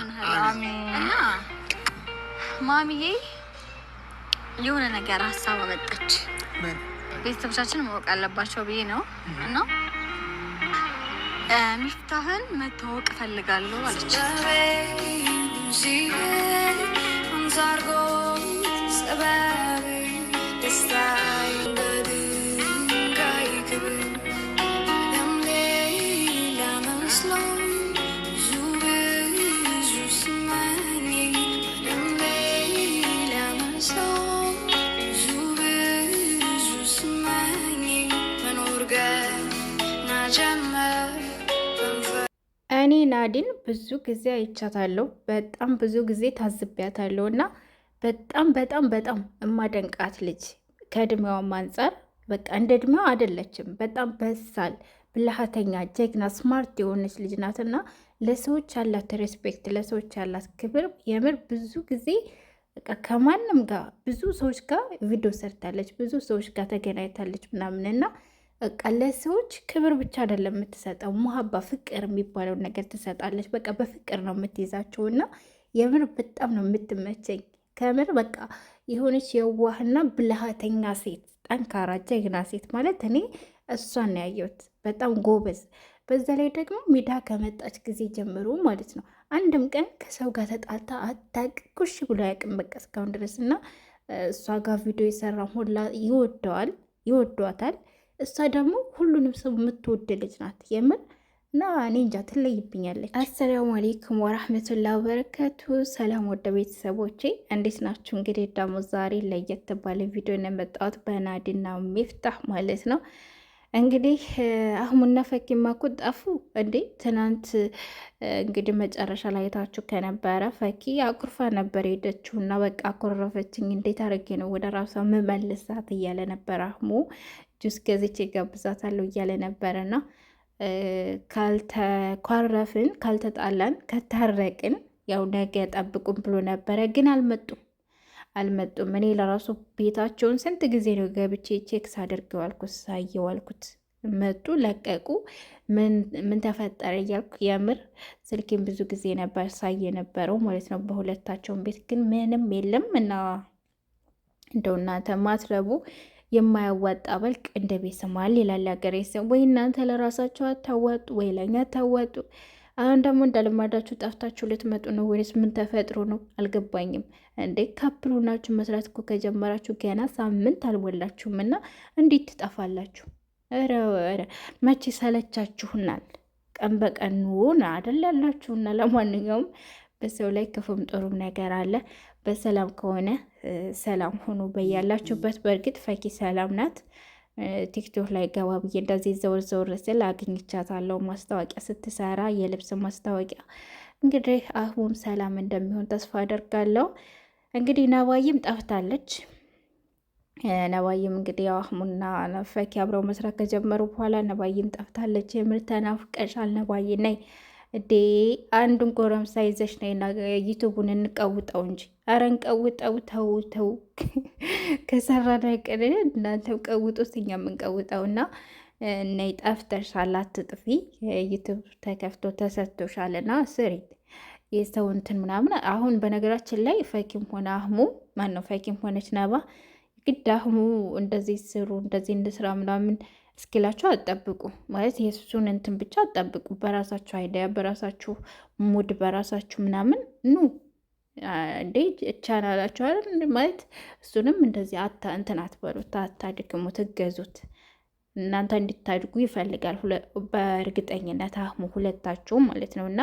እና ማሚዬ የሆነ ነገር ሀሳብ አመጣች። ቤተሰቦቻችን ማወቅ አለባቸው ብዬ ነው እና ሚፍታህን መታወቅ እፈልጋለሁ አለች። እኔ ናዲን ብዙ ጊዜ አይቻታለሁ፣ በጣም ብዙ ጊዜ ታዝቢያታለሁ እና በጣም በጣም በጣም እማደንቃት ልጅ ከእድሜዋም አንጻር በቃ እንደ እድሜዋ አይደለችም። በጣም በሳል ብልሃተኛ፣ ጀግና፣ ስማርት የሆነች ልጅ ናት እና ለሰዎች ያላት ሬስፔክት፣ ለሰዎች ያላት ክብር የምር ብዙ ጊዜ በቃ ከማንም ጋር ብዙ ሰዎች ጋር ቪዲዮ ሰርታለች፣ ብዙ ሰዎች ጋር ተገናኝታለች ምናምን እና በቃ ለሰዎች ክብር ብቻ አይደለም የምትሰጠው፣ ሙሀባ ፍቅር የሚባለውን ነገር ትሰጣለች። በቃ በፍቅር ነው የምትይዛቸው እና የምር በጣም ነው የምትመቸኝ። ከምር በቃ የሆነች የዋህና ብልሃተኛ ሴት፣ ጠንካራ ጀግና ሴት ማለት እኔ እሷን ያየሁት በጣም ጎበዝ። በዛ ላይ ደግሞ ሜዳ ከመጣች ጊዜ ጀምሮ ማለት ነው አንድም ቀን ከሰው ጋር ተጣልታ አታቅ ኩሽ ብሎ ያቅም በቃ እስካሁን ድረስ እና እሷ ጋር ቪዲዮ የሰራ ሁላ ይወደዋል፣ ይወደዋታል እሷ ደግሞ ሁሉንም ሰው የምትወድ ልጅ ናት የምር እና እኔ እንጃ ትለይብኛለች። አሰላሙ አሌይኩም ወራህመቱላ ወበረከቱ። ሰላም ወደ ቤተሰቦቼ እንዴት ናችሁ? እንግዲህ ደግሞ ዛሬ ለየት ባለ ቪዲዮ ነው የመጣሁት በናዲና ሚፍታህ ማለት ነው። እንግዲህ አህሙና ፈኪ እኮ ጠፉ እንዴ! ትናንት እንግዲህ መጨረሻ ላይ አይታችሁ ከነበረ ፈኪ አኩርፋ ነበር ሄደችው እና በቃ አኮረፈችኝ፣ እንዴት አድርጌ ነው ወደ ራሷ መመልሳት እያለ ነበር አህሙ ጁስ ገዝቼ ጋብዛታለሁ እያለ ነበረ ነበረና ካልተኳረፍን፣ ካልተጣላን፣ ከታረቅን ያው ነገ ጠብቁን ብሎ ነበረ። ግን አልመጡም አልመጡም። እኔ ለራሱ ቤታቸውን ስንት ጊዜ ነው ገብቼ ቼክስ አድርገዋልኩት ሳየዋልኩት መጡ ለቀቁ፣ ምን ተፈጠረ እያልኩ የምር ስልኬን ብዙ ጊዜ ነበር ሳይ የነበረው ማለት ነው። በሁለታቸውን ቤት ግን ምንም የለም እና እንደው እናንተ ማትረቡ የማያዋጣ በልቅ እንደ ቤት ይላል ሀገሬ ሰው። ወይ እናንተ ለራሳቸው አታዋጡ፣ ወይ ለኛ አታዋጡ። አሁን ደግሞ እንዳለማዳችሁ ጠፍታችሁ ልትመጡ ነው ወይስ ምን ተፈጥሮ ነው? አልገባኝም። እንዴ ካፕል ሆናችሁ መስራት እኮ ከጀመራችሁ ገና ሳምንት አልሞላችሁም እና እንዴት ትጠፋላችሁ? ኧረ ኧረ መቼ ሰለቻችሁናል። ቀን በቀን ሆነ አይደል ያላችሁና ለማንኛውም በሰው ላይ ክፉም ጥሩም ነገር አለ። በሰላም ከሆነ ሰላም ሆኖ በያላችሁበት። በእርግጥ ፈኪ ሰላም ናት። ቲክቶክ ላይ ገባ ብዬ እንደዚህ ዘወር ዘወር ስል አግኝቻታለሁ። ማስታወቂያ ስትሰራ የልብስ ማስታወቂያ። እንግዲህ አህሙም ሰላም እንደሚሆን ተስፋ አደርጋለሁ። እንግዲህ ነባይም ጠፍታለች። ነባይም እንግዲህ ያው አህሙና ፈኪ አብረው መስራት ከጀመሩ በኋላ ነባይም ጠፍታለች። የምር ተናፍቀሻል ነባይ ነይ እዴ አንዱን ጎረምሳ ይዘሽ ነይና ዩቱቡን እንቀውጠው እንጂ አረ እንቀውጠው። ተው ተው፣ ከሰራ ላይ ቀደ እናንተም ቀውጡት፣ እኛም እንቀውጠው እና ነይ ጠፍተሻል፣ አትጥፊ። ዩቱብ ተከፍቶ ተሰጥቶሻል እና ስሪ የሰው እንትን ምናምን። አሁን በነገራችን ላይ ፈኪም ሆነ አህሙ ማን ነው? ፈኪም ሆነች ነባ ግድ አህሙ እንደዚህ ስሩ እንደዚህ እንስራ ምናምን እስኪላችሁ አጠብቁ ማለት የሱን እንትን ብቻ አጠብቁ። በራሳችሁ አይዲያ፣ በራሳችሁ ሙድ፣ በራሳችሁ ምናምን ኑ እንዴ ይቻላላችኋል ማለት እሱንም እንደዚህ አታ እንትን አትበሉት፣ አታድክሙት፣ እገዙት። እናንተ እንድታድጉ ይፈልጋል በእርግጠኝነት አህሙ ሁለታችሁም ማለት ነው። እና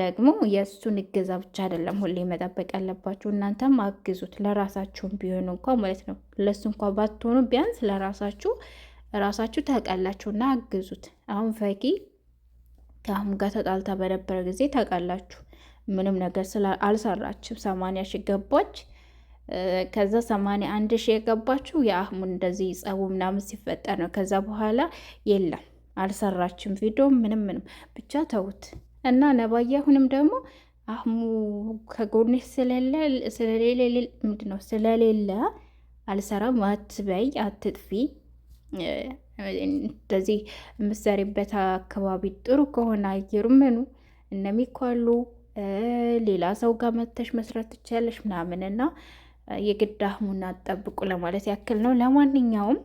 ደግሞ የእሱን እገዛ ብቻ አይደለም ሁሌ መጠበቅ ያለባችሁ እናንተም አግዙት። ለራሳችሁም ቢሆኑ እንኳ ማለት ነው ለእሱ እንኳ ባትሆኑ ቢያንስ ለራሳችሁ ራሳችሁ ታውቃላችሁና አግዙት። አሁን ፈኪ ከአሁን ጋር ተጣልታ በነበረ ጊዜ ታውቃላችሁ ምንም ነገር አልሰራችም። ሰማንያ ሺህ ገባች። ከዛ ሰማንያ አንድ ሺህ የገባችው የአህሙ እንደዚህ ጸቡ ምናምን ሲፈጠር ነው። ከዛ በኋላ የለም አልሰራችም ቪዲዮ ምንም ምንም ብቻ ተውት እና ነባዬ አሁንም ደግሞ አህሙ ከጎንሽ ስለሌለ ምንድነው ስለሌለ አልሰራም አትበይ አትጥፊ እንደዚህ የምትሰሪበት አካባቢ ጥሩ ከሆነ አየሩ ምኑ እነሚኳሉ ሌላ ሰው ጋር መተሽ መስራት ትችያለሽ ምናምን እና የግድ አህሙና ጠብቁ ለማለት ያክል ነው። ለማንኛውም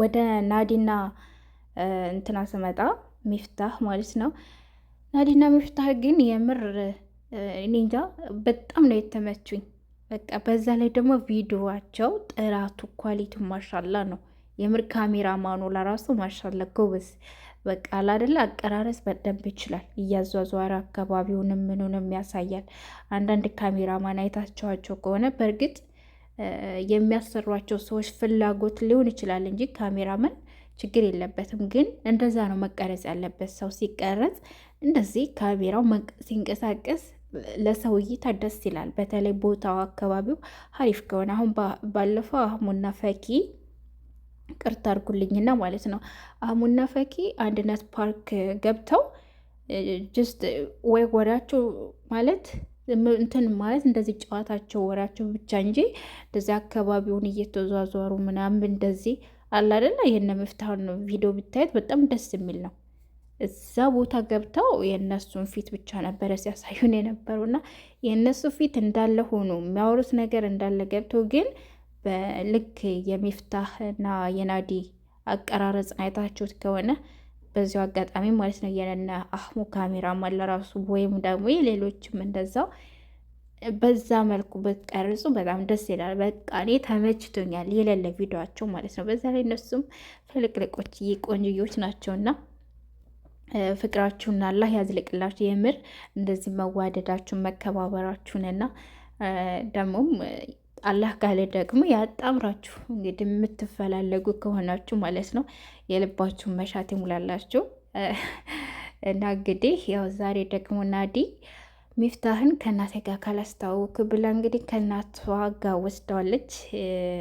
ወደ ናዲና እንትና ስመጣ ሚፍታህ ማለት ነው። ናዲና ሚፍታህ ግን የምር እኔ እንጃ በጣም ነው የተመቹኝ። በቃ በዛ ላይ ደግሞ ቪዲዮዋቸው ጥራቱ ኳሊቲ ማሻላ ነው። የምር ካሜራ ማኖ ለራሱ ማሻላ ጎበዝ። በቃ አላደለ አቀራረጽ በደንብ ይችላል። እያዟዟረ አካባቢውንም ምኑንም ያሳያል። አንዳንድ ካሜራ ማን አይታቸዋቸው ከሆነ በእርግጥ የሚያሰሯቸው ሰዎች ፍላጎት ሊሆን ይችላል እንጂ ካሜራማን ችግር የለበትም። ግን እንደዛ ነው መቀረጽ ያለበት። ሰው ሲቀረጽ እንደዚህ ካሜራው ሲንቀሳቀስ ለሰው እይታ ደስ ይላል። በተለይ ቦታው አካባቢው ሀሪፍ ከሆነ አሁን ባለፈው አህሙና ፈኪ ቅርታ አድርጉልኝና ማለት ነው አህሙና ፈኪ አንድነት ፓርክ ገብተው ጅስት ወይ ወዳቸው ማለት እንትን ማለት እንደዚህ ጨዋታቸው ወራቸው ብቻ እንጂ እንደዚህ አካባቢውን እየተዟዟሩ ምናምን እንደዚህ አላደላ ይህን መፍትሐን ቪዲዮ ብታየት በጣም ደስ የሚል ነው። እዛ ቦታ ገብተው የእነሱን ፊት ብቻ ነበረ ሲያሳዩን የነበሩ የነበሩና የእነሱ ፊት እንዳለ ሆኖ የሚያወሩት ነገር እንዳለ ገብቶ ግን በልክ የሚፍታህና የናዲ አቀራረጽ አይታችሁት ከሆነ በዚሁ አጋጣሚ ማለት ነው የነነ አህሙ ካሜራማን ለራሱ ወይም ደግሞ ሌሎችም እንደዛው በዛ መልኩ ብትቀርጹ በጣም ደስ ይላል። በቃ እኔ ተመችቶኛል። የሌለ ቪዲዮቸው ማለት ነው። በዛ ላይ እነሱም ፍልቅልቆች ቆንጆዎች ናቸውና ፍቅራችሁን አላህ ያዝልቅላችሁ። የምር እንደዚህ መዋደዳችሁን መከባበራችሁንና ደግሞም አላህ ካለ ደግሞ ያጣምራችሁ። እንግዲህ የምትፈላለጉ ከሆናችሁ ማለት ነው የልባችሁን መሻት ይሙላላችሁ። እና እንግዲህ ያው ዛሬ ደግሞ ናዲ ሚፍታህን ከእናቴ ጋር ካላስተዋወክ ብላ እንግዲህ ከእናቷ ጋር ወስደዋለች።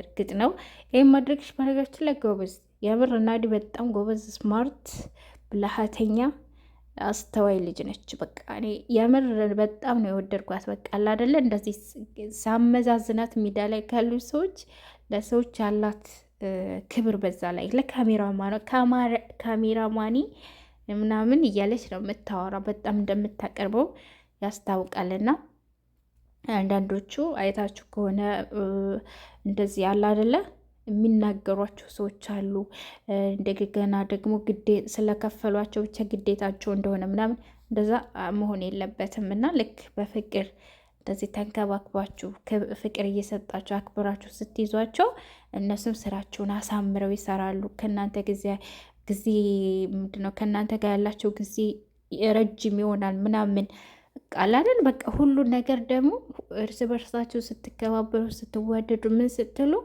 እርግጥ ነው ይህም ማድረግሽ በነገራችን ላይ ጎበዝ፣ የምር ናዲ በጣም ጎበዝ ስማርት ብልሃተኛ አስተዋይ ልጅ ነች። በቃ እኔ የምር በጣም ነው የወደድኳት። በቃ አላደለ እንደዚህ ሳመዛዝናት ሜዳ ላይ ካሉ ሰዎች ለሰዎች ያላት ክብር በዛ ላይ ለካሜራማኒ ምናምን እያለች ነው የምታወራ። በጣም እንደምታቀርበው ያስታውቃልና አንዳንዶቹ አይታችሁ ከሆነ እንደዚህ ያለ አደለ የሚናገሯቸው ሰዎች አሉ። እንደገና ደግሞ ግዴ ስለከፈሏቸው ብቻ ግዴታቸው እንደሆነ ምናምን እንደዛ መሆን የለበትም እና ልክ በፍቅር እንደዚህ ተንከባክባችሁ ፍቅር እየሰጣችሁ አክብራችሁ ስትይዟቸው እነሱም ስራቸውን አሳምረው ይሰራሉ። ከእናንተ ጊዜ ጊዜ ምንድነው ከእናንተ ጋር ያላቸው ጊዜ ረጅም ይሆናል ምናምን ቃላለን በቃ ሁሉ ነገር ደግሞ እርስ በርሳችሁ ስትከባበሩ ስትዋደዱ ምን ስትሉ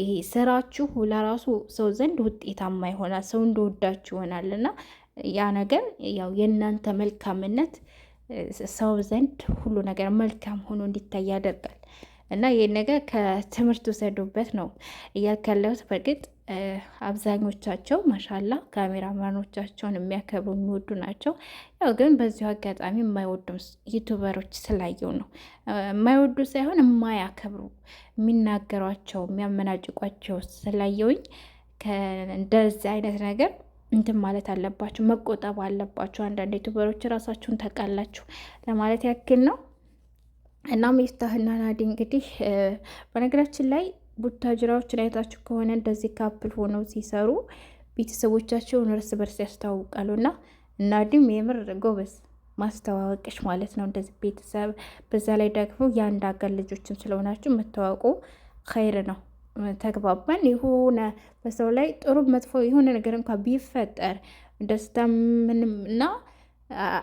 ይሄ ስራችሁ ለራሱ ሰው ዘንድ ውጤታማ ይሆናል፣ ሰው እንደወዳችሁ ይሆናል እና ያ ነገር ያው የእናንተ መልካምነት ሰው ዘንድ ሁሉ ነገር መልካም ሆኖ እንዲታይ ያደርጋል። እና ይህን ነገር ከትምህርት ውሰዱበት ነው እያልኩ በእርግጥ አብዛኞቻቸው ማሻላ ካሜራማኖቻቸውን የሚያከብሩ የሚወዱ ናቸው። ያው ግን በዚሁ አጋጣሚ የማይወዱም ዩቱበሮች ስላየው ነው የማይወዱ ሳይሆን የማያከብሩ የሚናገሯቸው የሚያመናጭቋቸው ስላየውኝ እንደዚህ አይነት ነገር እንትን ማለት አለባችሁ፣ መቆጠብ አለባችሁ። አንዳንድ ዩቱበሮች ራሳችሁን ተቃላችሁ ለማለት ያክል ነው። እና ሚፍታህና ናዲ እንግዲህ በነገራችን ላይ ቡታጅራዎችን አይታችሁ ከሆነ እንደዚህ ካፕል ሆነው ሲሰሩ ቤተሰቦቻቸውን እርስ በርስ ያስተዋውቃሉ። እና ናዲም የምር ጎበዝ ማስተዋወቅሽ ማለት ነው እንደዚህ ቤተሰብ። በዛ ላይ ደግሞ የአንድ አገር ልጆችም ስለሆናችሁ መተዋወቁ ኸይር ነው። ተግባባን። የሆነ በሰው ላይ ጥሩ መጥፎ የሆነ ነገር እንኳ ቢፈጠር ደስታ ምንም እና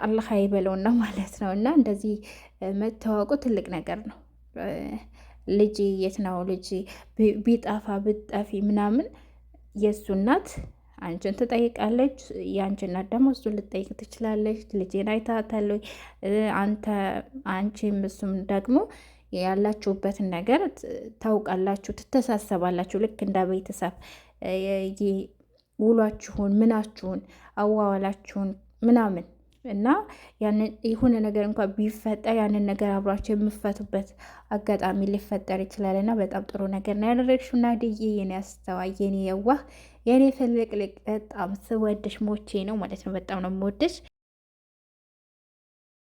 አላህ አይበለውና ማለት ነው። እና እንደዚህ መታወቁ ትልቅ ነገር ነው። ልጅ የት ነው ልጅ ቢጠፋ ብጠፊ ምናምን የእሱ እናት አንቺን ትጠይቃለች። የአንቺ እናት ደግሞ እሱን ልጠይቅ ትችላለች። ልጄን አይታታለች አንተ አንቺም እሱም ደግሞ ያላችሁበትን ነገር ታውቃላችሁ፣ ትተሳሰባላችሁ። ልክ እንደ ቤተሰብ ውሏችሁን፣ ምናችሁን፣ አዋዋላችሁን ምናምን እና የሆነ ነገር እንኳ ቢፈጠር ያንን ነገር አብሯቸው የምፈቱበት አጋጣሚ ሊፈጠር ይችላል። እና በጣም ጥሩ ነገር ነው ያደረግሽው ናድዬ፣ የኔ አስተዋይ፣ የኔ የዋህ፣ የኔ ፍልቅልቅ በጣም ስወድሽ ሞቼ ነው ማለት ነው። በጣም ነው የምወድሽ።